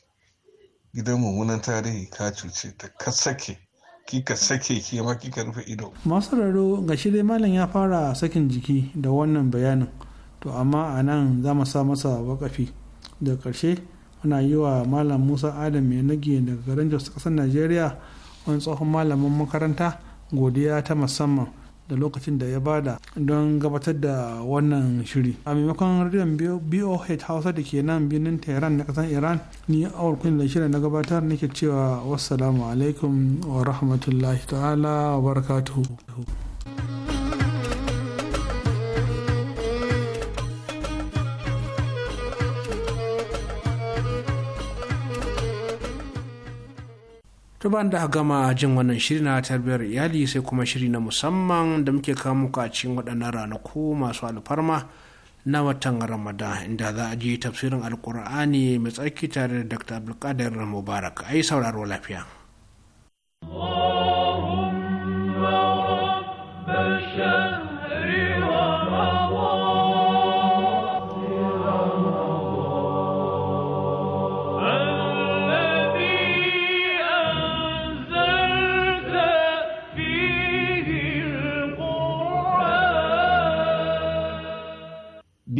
gidan mummunan tarihi ka cuce ta ka sake kika sake ke ma kika rufe ido. masu raro ga shi dai malam ya fara sakin jiki da wannan bayanin to amma a nan za mu sa masa wakafi da karshe muna yi wa malam musa adam mai nage daga garin jos kasar najeriya wani tsohon malamin makaranta godiya ta musamman da lokacin da ya bada don gabatar da wannan shiri a maimakon rediyon boh hausa da ke nan birnin tehran na kasar iran ni awar kun da shirin na gabatar nake cewa wassalamu alaikum wa rahmatullahi ta'ala wa barakatuhu to ban da gama jin wannan shiri na tarbiyyar iyali sai kuma shiri na musamman da muke kawo muku a cikin waɗannan ranaku masu alfarma na watan ramadan inda za a je tafsirin alkur'ani mai tsarki tare da dr abdulkadir mubarak a yi sauraro lafiya Allahumma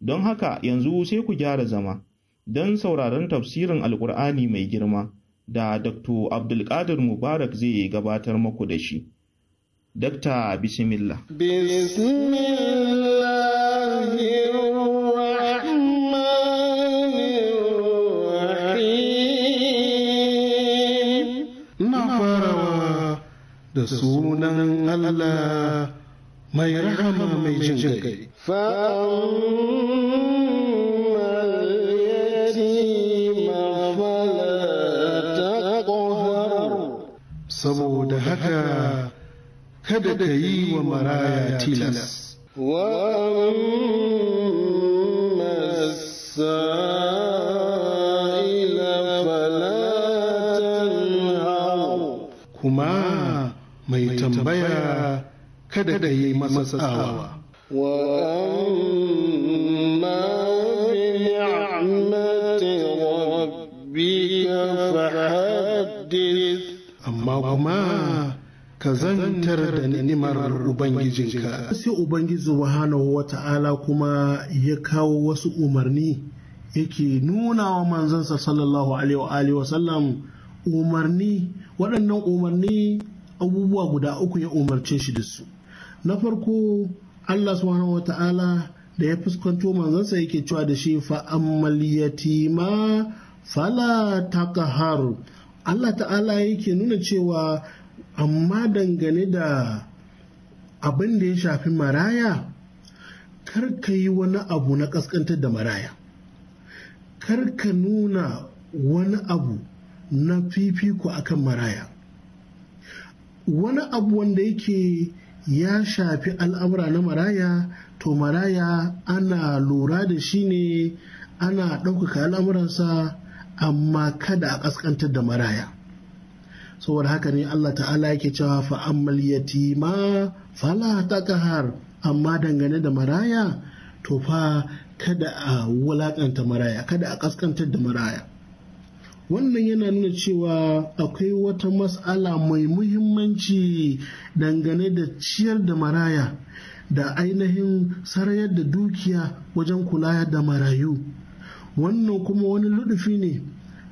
Don haka yanzu sai ku gyara zama don sauraron tafsirin alkur'ani mai girma da Dr. Abdulkadir Mubarak zai gabatar maku da shi. dr Bismillah. Bismillah. da sunan Allah mai rahama mai jin kai. Saboda haka kada ka yi wa maraya tilas. Kuma mai tambaya kada da yi masa Amma kuma ka zantar da ni'imar Ubangijinka. Sai Ubangiji Wahanahu wa ta'ala kuma ya kawo wasu umarni yake nuna wa manzansa sallallahu alaihi wa sallam umarni waɗannan umarni abubuwa guda uku ya umarce shi da su. na farko Allah subhanahu wa ta'ala da ya fuskanto manzansa yake cewa da shi fa'ammal yatima fala taqhar Allah ta'ala yake nuna cewa amma dangane da abin da ya shafi maraya kar ka yi wani abu na kaskantar da maraya kar ka nuna wani abu na fifiko akan maraya wani abu wanda yake ya shafi al'amura na maraya to maraya ana lura da shi ne ana ɗaukaka al'amuransa amma kada a ƙasƙantar da maraya saboda haka ne Allah ta'ala yake cewa fa'ammal yatima fala taqhar amma dangane da maraya to fa kada a wulaƙanta maraya kada a ƙasƙantar da maraya wannan yana nuna cewa akwai wata mas'ala mai muhimmanci dangane da ciyar da maraya da ainihin sarayar da dukiya wajen kula da marayu wannan kuma wani ludufi ne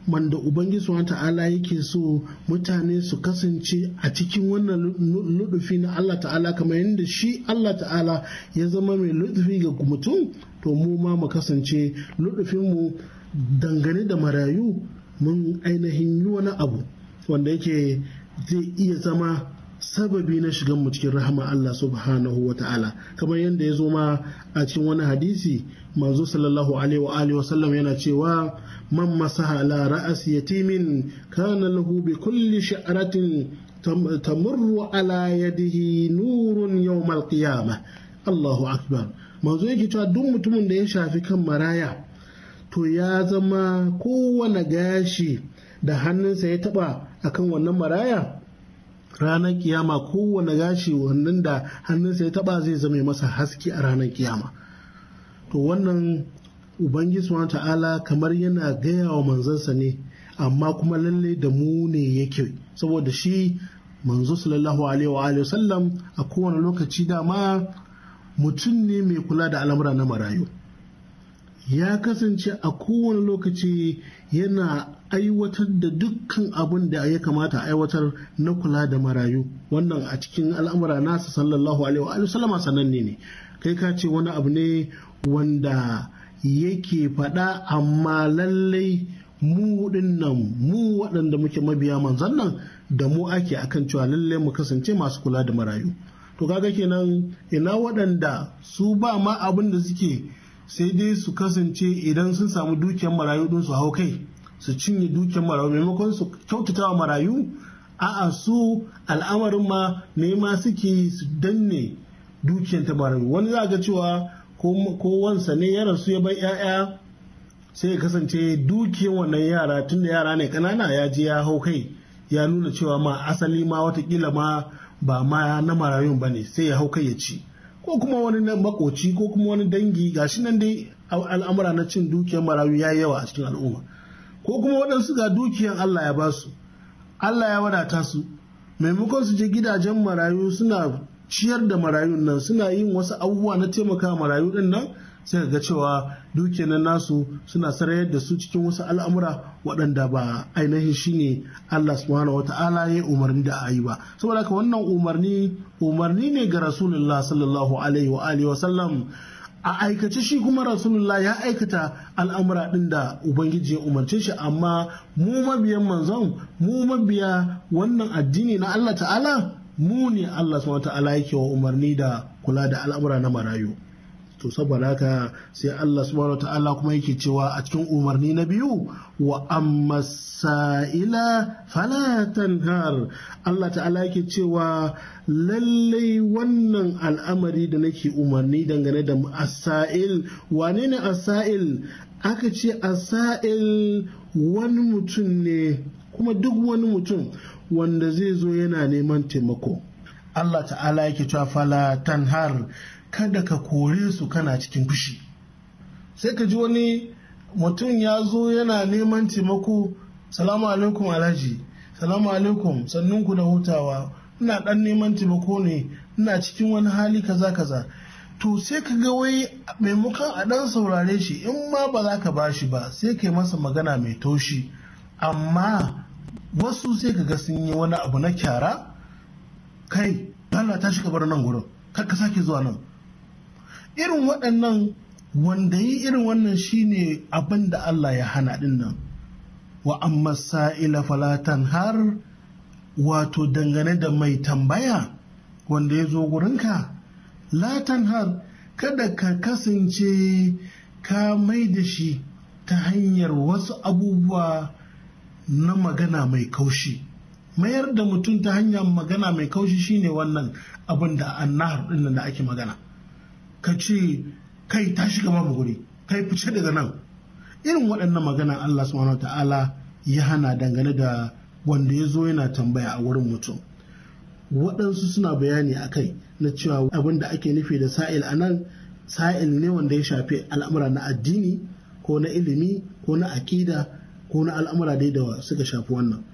wanda ubangiji wa ta'ala yake so mutane su kasance a cikin wannan ludufi na Allah ta'ala kamar yadda shi Allah ta'ala ya zama mai ludufi ga mutum to mu ma mu kasance ludufinmu dangane da marayu mun ainihin yi wani abu wanda yake zai iya zama sababi na shigan mu cikin rahama Allah subhanahu wa ta'ala kamar yadda ya zo ma a cikin wani hadisi manzo sallallahu alaihi wa alihi wasallam yana cewa man masaha ala ra'asi yatimin kana lahu bi kulli sha'ratin tamurru ala yadihi nurun al qiyamah Allahu akbar manzo yake cewa duk mutumin da ya shafi kan maraya to ya zama kowane gashi da hannunsa ya taba akan wannan maraya ranar kiyama kowane gashi wannan da hannunsa ya taba zai zama masa haske a ranar kiyama to wannan ubangiji wa ta'ala kamar yana gaya wa manzansa ne amma kuma lalle da mu ne yake saboda shi manzo sallallahu alaihi wa sallam a kowane lokaci dama mutum ne mai kula da al'amura na marayu ya kasance a kowane lokaci yana aiwatar da dukkan abin da ya kamata aiwatar na kula da marayu wannan a cikin al'amura nasa sallallahu alaihi wa sallama sananne ne kai ka ce wani abu ne wanda yake faɗa amma lallai mu nan mu waɗanda muke mabiya manzan nan da mu ake akan cewa lallai mu kasance masu kula da marayu to kaga kenan ina waɗanda su ba ma abin da suke sai dai su kasance idan sun samu dukiyar marayu din su hau kai su cinye dukiyar marayu maimakon su kyautata wa marayu a'a su al'amarin ma ne ma suke su danne dukiyar ta marayu wani za ga cewa ko wansa ne ya rasu ya bar 'ya'ya sai ya kasance dukiyar wannan yara tun da yara ne kanana ya je ya hau kai ya nuna cewa ma asali ma watakila ma ba ma na marayun ba ne sai ya hau kai ya ci ko kuma wani na makoci ko kuma wani dangi ga shi nan dai al'amura na cin dukiyar marayu ya yi yawa a cikin al'umma ko kuma waɗansu ga dukiyar Allah ya ba su Allah ya wadata su maimakon su je gidajen marayu suna ciyar da marayun nan suna yin wasu abubuwa na taimaka marayu din nan sai ga cewa dukiyar nasu suna sarayar da su cikin wasu al'amura waɗanda ba ainihin shine Allah subhanahu wata'ala ya umarni da ayi ba saboda haka wannan umarni umarni ne ga rasulullah sallallahu alaihi wa alihi wa sallam a aikace shi kuma rasulullah ya aikata al'amura ɗin da ubangiji ya umarce shi amma mu mabiyan manzon mu mabiya wannan addini na Allah ta'ala mu ne Allah subhanahu wataala yake wa umarni da kula da al'amura na marayu to saboda haka sai Allah subhanahu wataala kuma yake cewa a cikin umarni na biyu wa amma sa'ila fala tanhar Allah ta'ala yake cewa lallai wannan al'amari da nake umarni dangane da asa'il wane ne asa'il aka ce asa'il wani mutum ne kuma duk wani mutum wanda zai zo yana neman taimako Allah ta'ala yake cewa fala tanhar kada ka kore su kana cikin fushi sai ka ji wani mutum ya zo yana neman taimako salamu alaikum alhaji salamu alaikum sannun ku da hutawa ina dan neman taimako ne ina cikin wani hali kaza kaza to sai ka ga wai maimakon a dan saurare shi in ma ba za ka bashi ba sai ka yi masa magana mai toshi amma wasu sai ka ga sun yi wani abu na kyara kai Allah ta shiga bar nan gurin kar ka sake zuwa nan irin waɗannan wanda yi irin wannan shine abin da Allah ya hana din nan wa amma sa'ila falatan har wato dangane da mai tambaya wanda ya zo gurinka latan har kada ka kasance ka mai da shi ta hanyar wasu abubuwa na magana mai kaushi mayar da mutum ta hanya magana mai kaushi shine wannan abin da annahar dinnan da ake magana ka ce kai ta shiga babu guri kai fice daga nan irin waɗannan magana Allah subhanahu ta'ala ya hana dangane da wanda ya zo yana tambaya a wurin mutum waɗansu suna bayani a kai na cewa abin da ake nufi da sa'il a nan sa'il ne wanda ya shafi al'amura na addini ko na ilimi ko na aƙida ko na al'amura dai da suka shafi wannan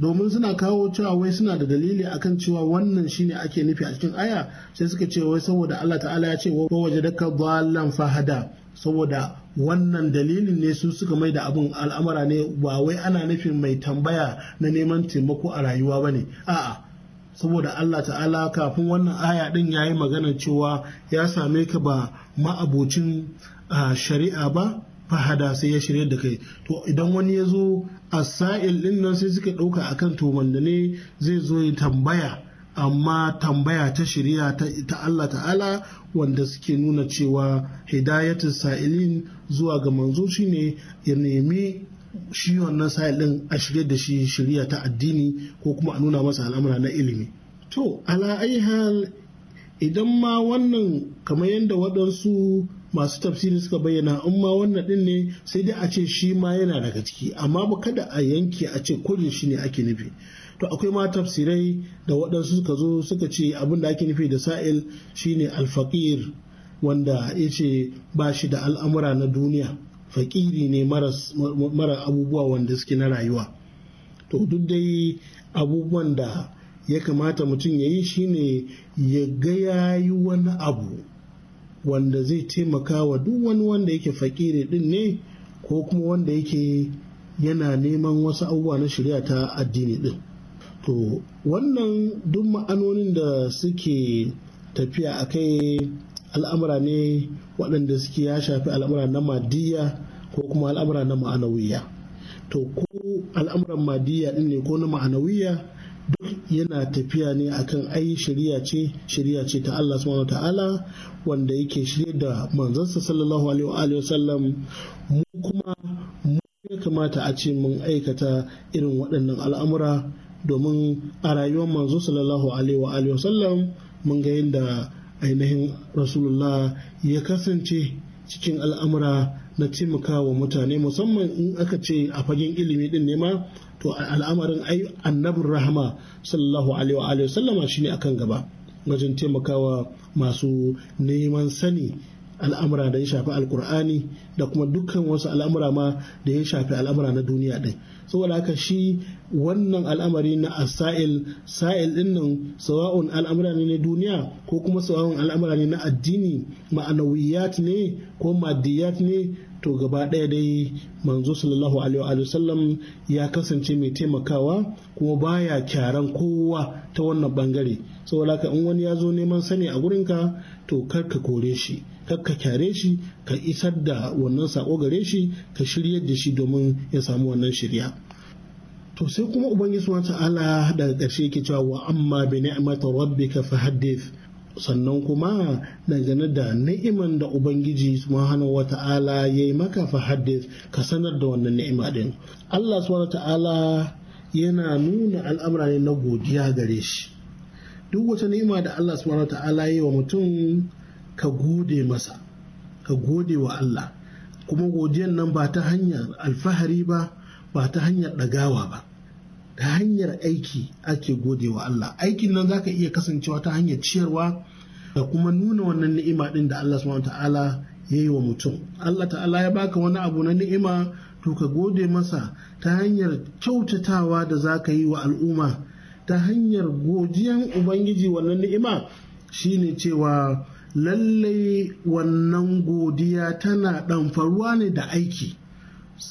domin suna kawo cewa wai suna da dalili akan cewa wannan shine ake nufi a cikin aya sai suka ce wai saboda Allah ta'ala ya ce wa daka dhallan fahada saboda wannan dalilin ne su suka mai da abin al'amura ne ba wai ana nufin mai tambaya na neman taimako a rayuwa bane a'a saboda Allah ta'ala kafin wannan aya din yayi magana cewa ya same ka ba ma'abocin ah, shari'a ba fahada sai ya shirya da kai to idan wani ya zo a sa'il din nan sai suka ɗauka akan to wanda ne zai zo ya tambaya amma tambaya ta shirya ta Allah ta'ala wanda suke nuna cewa hidayatun sa'ilin zuwa ga manzo shi ne ya nemi shi wannan sa'il din a shirya da shi shirya ta addini ko kuma a nuna masa al'amura na ilimi to ala hal idan ma wannan kamar yadda waɗansu masu tafsiri suka bayyana in ma wannan din ne sai dai a ce shi ma yana daga ciki amma ba kada a yanke a ce kurin shi ne ake nufi to akwai ma tafsirai da waɗansu suka zo suka ce abin da ake nufi da sa'il shine alfaƙir wanda ya ce ba shi da al'amura na duniya faƙiri ne mara abubuwa wanda suke na rayuwa to duk dai abubuwan da ya kamata mutum ya yi shine ya ga yayi wani abu wanda zai taimaka wa duk wani wanda yake fakiri din ne ko kuma wanda yake yana neman wasu abubuwa na shirya ta addini din to wannan duk ma'anonin da suke tafiya a kai al'amura ne waɗanda suke ya shafi al'amura na madiyya ko kuma al'amura na ma'anawiyya to ko al'amuran madiyya din ne ko na ma'anawiyya yana tafiya ne akan ai shari'a ce shari'a ce ta Allah subhanahu ta'ala wanda yake shirye da manzansa sallallahu alaihi wa sallam mu kuma mu ya kamata a ce mun aikata irin waɗannan al'amura domin a rayuwar manzo sallallahu alaihi wa sallam mun ga yadda ainihin rasulullah ya kasance cikin al'amura na taimaka wa mutane musamman in aka ce a fagen ilimi din ne ma to al'amarin ai annabin rahama sallallahu alaihi wa alihi sallama shine akan gaba wajen taimakawa masu neman sani al'amura da ya shafi alkur'ani da kuma dukkan wasu al'amura ma da ya shafi al'amura na duniya ɗin saboda haka shi wannan al'amari na asa'il sa'il din nan sawa'un al'amura ne na duniya ko kuma sawa'un al'amura ne na addini ma'anawiyat ne ko madiyat ne to gaba ɗaya dai manzo sallallahu alaihi wa sallam ya kasance mai taimakawa kuma baya kyaran kowa ta wannan bangare saboda ka in wani ya zo neman sani a gurinka to kar ka kore shi kar ka kyare shi ka isar da wannan sako gare shi ka shiryar da shi domin ya samu wannan shirya to sai kuma ubangiji subhanahu ta'ala daga ƙarshe yake cewa wa amma bi ni'mati rabbika fahaddith sannan kuma dangane da ni'iman da ubangiji subhanahu ta'ala ya yi maka fa ka sanar da wannan ni'ima din Allah subhanahu ta'ala yana nuna al'amura ne na godiya gare shi duk wata ni'ima da Allah subhanahu ta'ala ya yi wa mutum ka gode masa ka gode wa Allah kuma godiyan nan ba ta hanyar alfahari ba ba ta hanyar ɗagawa ba ta hanyar aiki ake gode wa Allah aikin nan zaka iya kasancewa ta hanyar ciyarwa da kuma nuna wannan ni'ima din da Allah subhanahu ta'ala ya yi wa mutum Allah ta'ala ya baka wani abu na ni'ima to ka gode masa ta hanyar kyautatawa da za ka yi wa al'umma ta hanyar godiyan ubangiji wannan ni'ima shine cewa lallai wannan godiya tana ɗamfaruwa ne da aiki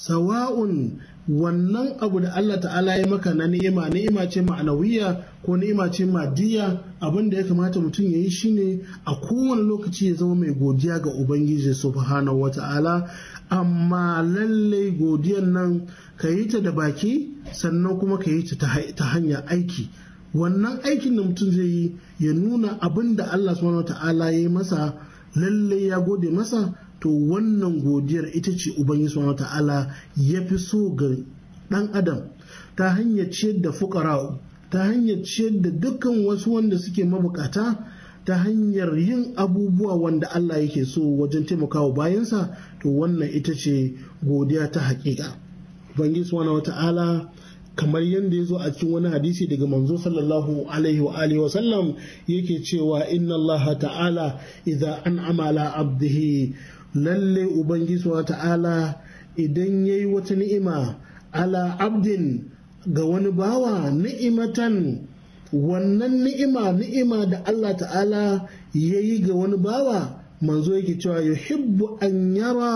sawa'un wannan abu da Allah ta'ala ya maka na ni'ima ni'ima ce ma'anawiya ko ni'ima ce madiya abin da ya kamata mutum ya yi shine a kowane lokaci ya zama mai godiya ga ubangiji subhanahu wata'ala amma lallai godiyan nan ka yi ta da baki sannan kuma ka yi ta ta hanyar aiki wannan aikin da mutum zai yi ya nuna abin da Allah subhanahu ya yi masa lallai ya gode masa to wannan godiyar ita ce ubangiji subhanahu ta'ala ya fi so ga ɗan adam ta hanyar ciyar da fukara ta hanyar ciyar da dukkan wasu wanda suke mabukata ta hanyar yin abubuwa wanda Allah yake so wajen taimakawa bayansa to wannan ita ce godiya ta hakika ubangiji subhanahu ta'ala kamar yadda ya zo a cikin wani hadisi daga manzo sallallahu alaihi wa alihi wasallam yake cewa inna allaha ta'ala idza an'ama ala abdihi lalle ubangiji wa ta'ala idan ya yi wata ni'ima ala abdin ga wani bawa ni'imatan wannan ni'ima ni'ima da Allah ta'ala ya yi ga wani bawa manzo yake cewa Hibbu an yara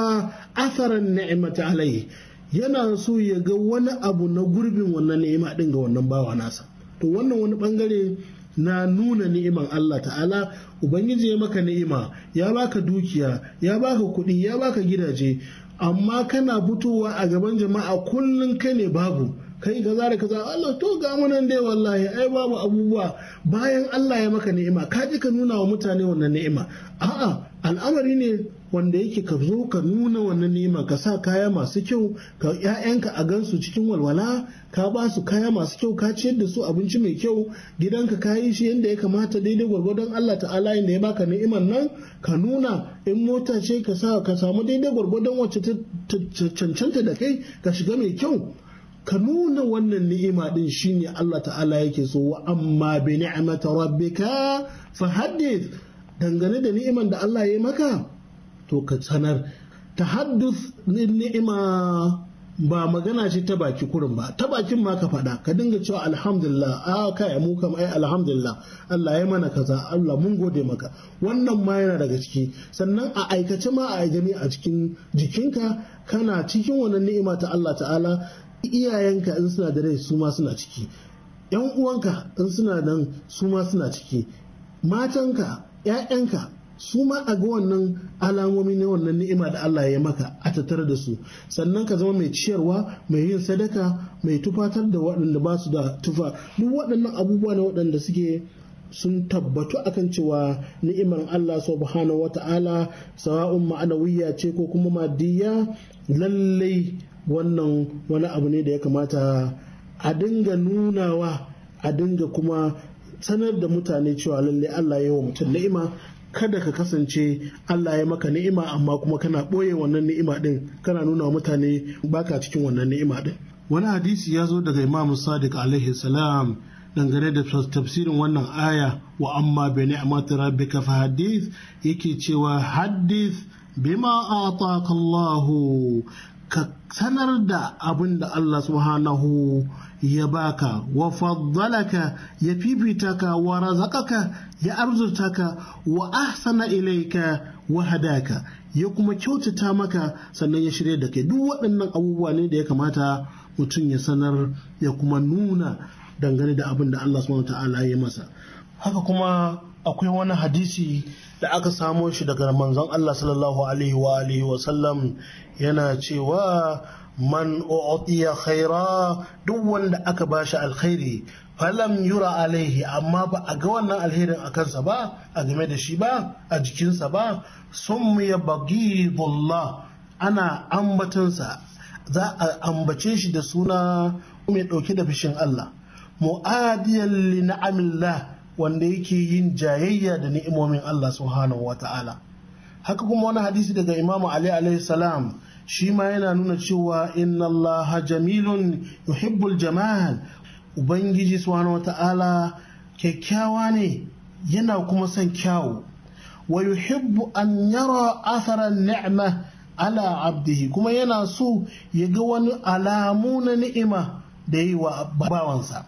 asaran ta alai yana so ya ga wani abu na gurbin wannan ni'ima din ga wannan bawa nasa to wannan wani bangare na nuna ni'iman Allah ta'ala ubangiji ya maka ni'ima ya baka dukiya ya baka kuɗi ya baka gidaje amma kana fitowa a gaban jama'a kullum kai ne babu kai kaza da kaza Allah to ga munan nan dai wallahi ai babu abubuwa bayan Allah ya maka ni'ima ka ji ka nuna wa mutane wannan ni'ima a'a al'amari ne wanda yake ka zo ka nuna wannan ni'ima ka sa kaya masu kyau ka ƴaƴanka a gansu cikin walwala ka ba su kaya masu kyau ka ciyar da su abinci mai kyau gidanka ka yi shi yadda ya kamata daidai gwargwadon Allah ta'ala inda ya baka ni'iman nan ka nuna in mota ce ka sa ka samu daidai gwargwadon wacce ta cancanta da kai ka shiga mai kyau ka nuna wannan ni'ima din shine Allah ta'ala yake so wa amma bi ni'mati rabbika fa haddith dangane da ni'iman da Allah ya maka to ka sanar tahadduth ni'ima ba magana ce ta baki kurin ba ta bakin ma ka faɗa ka dinga cewa alhamdulillah a ah, kai mu kam ai alhamdulillah Allah ya mana kaza Allah mun gode maka wannan ma yana daga ciki sannan a aikace ma a gani a cikin jikinka kana cikin wannan ni'ima ta Allah ta'ala iyayenka in suna da rai suma suna ciki yan uwanka in suna nan su suna ciki matanka ‘ya'yanka su a ga wannan alamomi na wannan ni'ima da Allah ya maka a tattare da su sannan ka zama mai ciyarwa mai yin sadaka mai tufatar da waɗanda ba su da tufa duk waɗannan abubuwa ne waɗanda suke sun tabbatu akan cewa ni'imar Allah subhanahu wata'ala sawa'un ma'anawiyya ce ko kuma madiyya lallai wannan wani abu ne da ya kamata a dinga nunawa a dinga kuma sanar da mutane cewa lallai Allah ya yi wa mutum ni'ima kada ka kasance Allah ya maka ni'ima amma kuma kana ɓoye wannan ni'ima din. kana nuna wa mutane baka cikin wannan ni'ima din. wani hadisi ya zo daga imam sadiq alaihi salam dangane da tafsirin wannan aya wa amma bi ni'mati rabbika fa hadith yake cewa hadith bima ataka ka sanar da abin da Allah subhanahu ya baka wa faddalaka ya fifita ka wa razaqaka ya arzuta ka wa ahsana ilaika wa hadaka ya kuma kyautata maka sannan ya shirya da kai duk waɗannan abubuwa ne da ya kamata mutum ya sanar ya kuma nuna dangane da abin da Allah subhanahu ta'ala ya masa haka kuma akwai wani hadisi da aka samo shi daga manzon Allah sallallahu alaihi wa alihi wa sallam yana cewa man u'tiya khaira duk wanda aka bashi alkhairi falam yura alaihi amma ba a ga wannan alherin a kansa ba a game da shi ba a jikinsa ba sun ya bagidullah ana ambatansa za a ambace shi da suna mai ɗauke da fishin Allah mu'adiyan li na'amillah wanda yake yin jayayya da ni'imomin Allah subhanahu ta'ala haka kuma wani hadisi daga Imam Ali alaihi salam shi ma yana nuna cewa inna Allah jamilun yuhibbul jamal ubangiji subhanahu ta'ala kyakkyawa ne yana kuma son kyawu wa yuhibbu an yara atharan ni'ma ala abdihi kuma yana so ya ga wani alamu na ni'ima da yi wa bawansa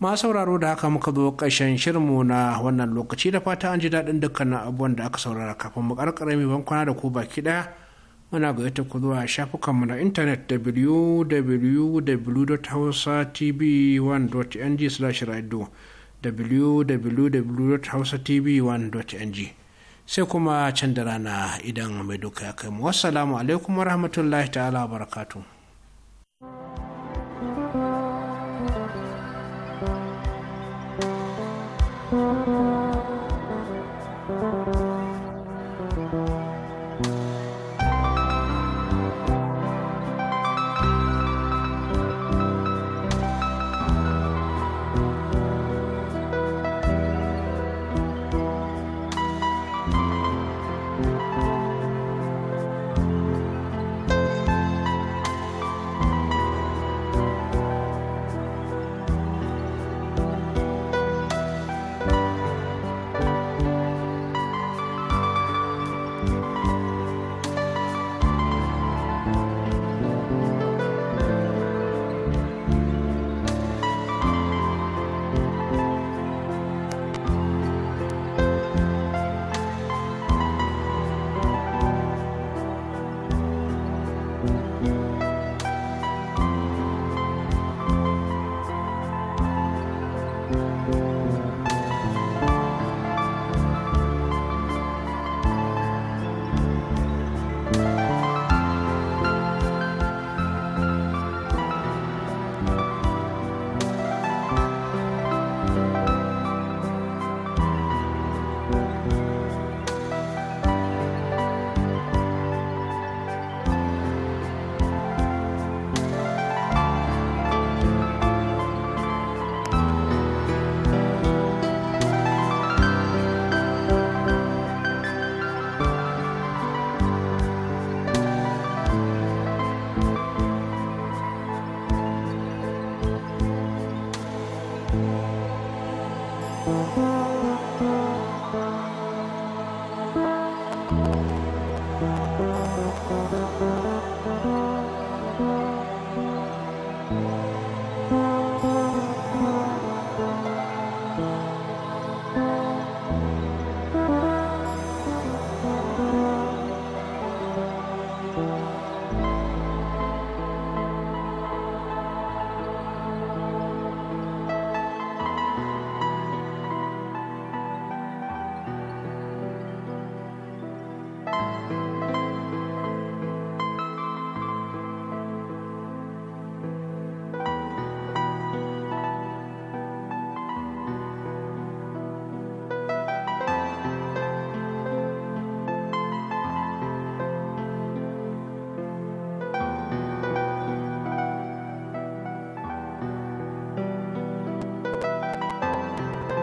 ma sauraro da haka muka zo ƙarshen shirinmu na wannan lokaci da fata an ji daɗin dukkanin abubuwan da aka saurara kafin mu ƙarƙare mai bankwana da ku baki ɗaya muna gayyata ku zuwa shafukanmu na intanet www.hausatv1.ng www.hausatv1.ng sai kuma can da rana idan mai duka ya kai mu wassalamu alaikum rahmatullahi ta'ala barakatu.